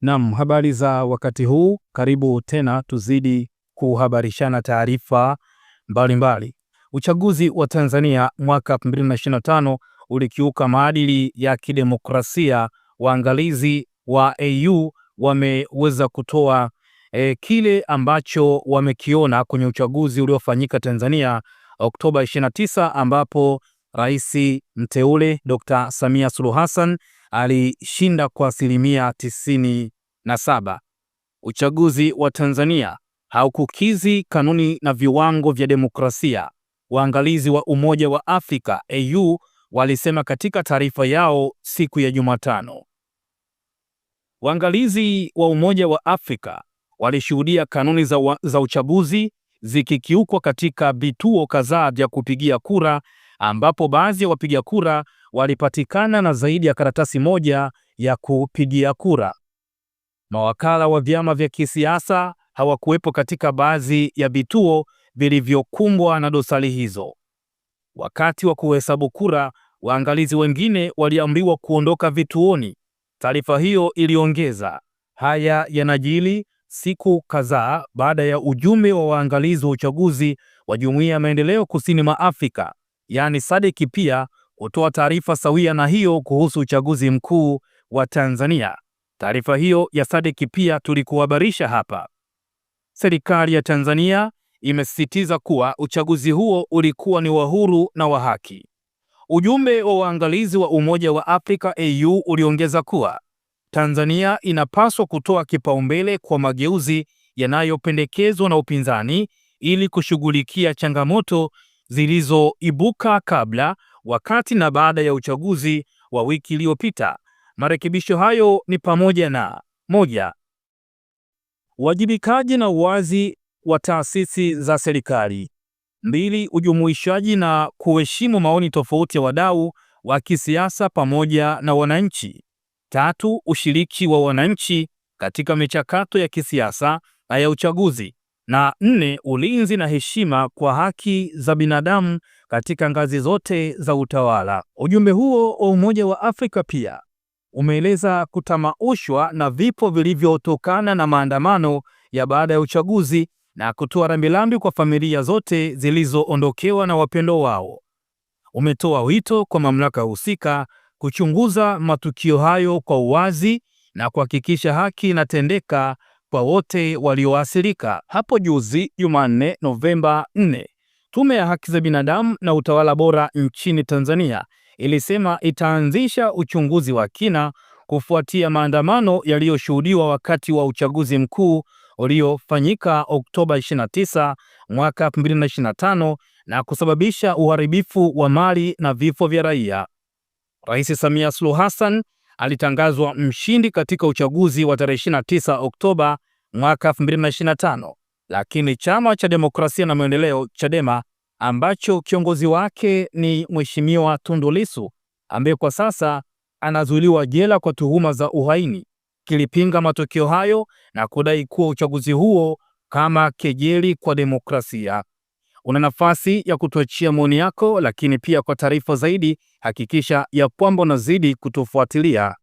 Naam, habari za wakati huu, karibu tena tuzidi kuhabarishana taarifa mbalimbali. Uchaguzi wa Tanzania mwaka 2025 ulikiuka maadili ya kidemokrasia. Waangalizi wa AU wameweza kutoa e, kile ambacho wamekiona kwenye uchaguzi uliofanyika Tanzania Oktoba 29 ambapo Rais mteule Dr. Samia Suluhu Hassan alishinda kwa asilimia tisini na saba. Uchaguzi wa Tanzania haukukizi kanuni na viwango vya demokrasia, waangalizi wa Umoja wa Afrika AU walisema katika taarifa yao siku ya Jumatano. Waangalizi wa Umoja wa Afrika walishuhudia kanuni za, wa, za uchaguzi zikikiukwa katika vituo kadhaa vya kupigia kura ambapo baadhi ya wapiga kura walipatikana na zaidi ya karatasi moja ya kupigia kura. Mawakala wa vyama vya kisiasa hawakuwepo katika baadhi ya vituo vilivyokumbwa na dosari hizo. Wakati wa kuhesabu kura, waangalizi wengine waliamriwa kuondoka vituoni, taarifa hiyo iliongeza. Haya yanajili siku kadhaa baada ya ujumbe wa waangalizi wa uchaguzi wa Jumuiya ya Maendeleo Kusini mwa Afrika, yaani SADC pia kutoa taarifa sawia na hiyo kuhusu uchaguzi mkuu wa Tanzania. Taarifa hiyo ya Sadiki pia tulikuhabarisha hapa. Serikali ya Tanzania imesisitiza kuwa uchaguzi huo ulikuwa ni wa huru na wa haki. Ujumbe wa waangalizi wa Umoja wa Afrika AU uliongeza kuwa Tanzania inapaswa kutoa kipaumbele kwa mageuzi yanayopendekezwa na upinzani ili kushughulikia changamoto zilizoibuka kabla wakati na baada ya uchaguzi wa wiki iliyopita. Marekebisho hayo ni pamoja na moja, uwajibikaji na uwazi wa taasisi za serikali; mbili, ujumuishaji na kuheshimu maoni tofauti ya wadau wa kisiasa pamoja na wananchi; tatu, ushiriki wa wananchi katika michakato ya kisiasa na ya uchaguzi; na nne, ulinzi na heshima kwa haki za binadamu katika ngazi zote za utawala. Ujumbe huo wa Umoja wa Afrika pia umeeleza kutamaushwa na vifo vilivyotokana na maandamano ya baada ya uchaguzi na kutoa rambirambi kwa familia zote zilizoondokewa na wapendo wao. Umetoa wito kwa mamlaka husika kuchunguza matukio hayo kwa uwazi na kuhakikisha haki inatendeka kwa wote walioathirika. Hapo juzi Jumanne, Novemba 4, Tume ya Haki za Binadamu na Utawala Bora nchini Tanzania ilisema itaanzisha uchunguzi wa kina kufuatia maandamano yaliyoshuhudiwa wakati wa uchaguzi mkuu uliofanyika Oktoba 29 mwaka 2025 na kusababisha uharibifu wa mali na vifo vya raia. Rais Samia Suluhu Hassan alitangazwa mshindi katika uchaguzi wa tarehe 29 Oktoba mwaka 2025, lakini chama cha demokrasia na maendeleo Chadema ambacho kiongozi wake ni Mheshimiwa Tundu Lissu ambaye kwa sasa anazuiliwa jela kwa tuhuma za uhaini kilipinga matokeo hayo na kudai kuwa uchaguzi huo kama kejeli kwa demokrasia. Una nafasi ya kutuachia maoni yako, lakini pia kwa taarifa zaidi hakikisha ya kwamba unazidi kutufuatilia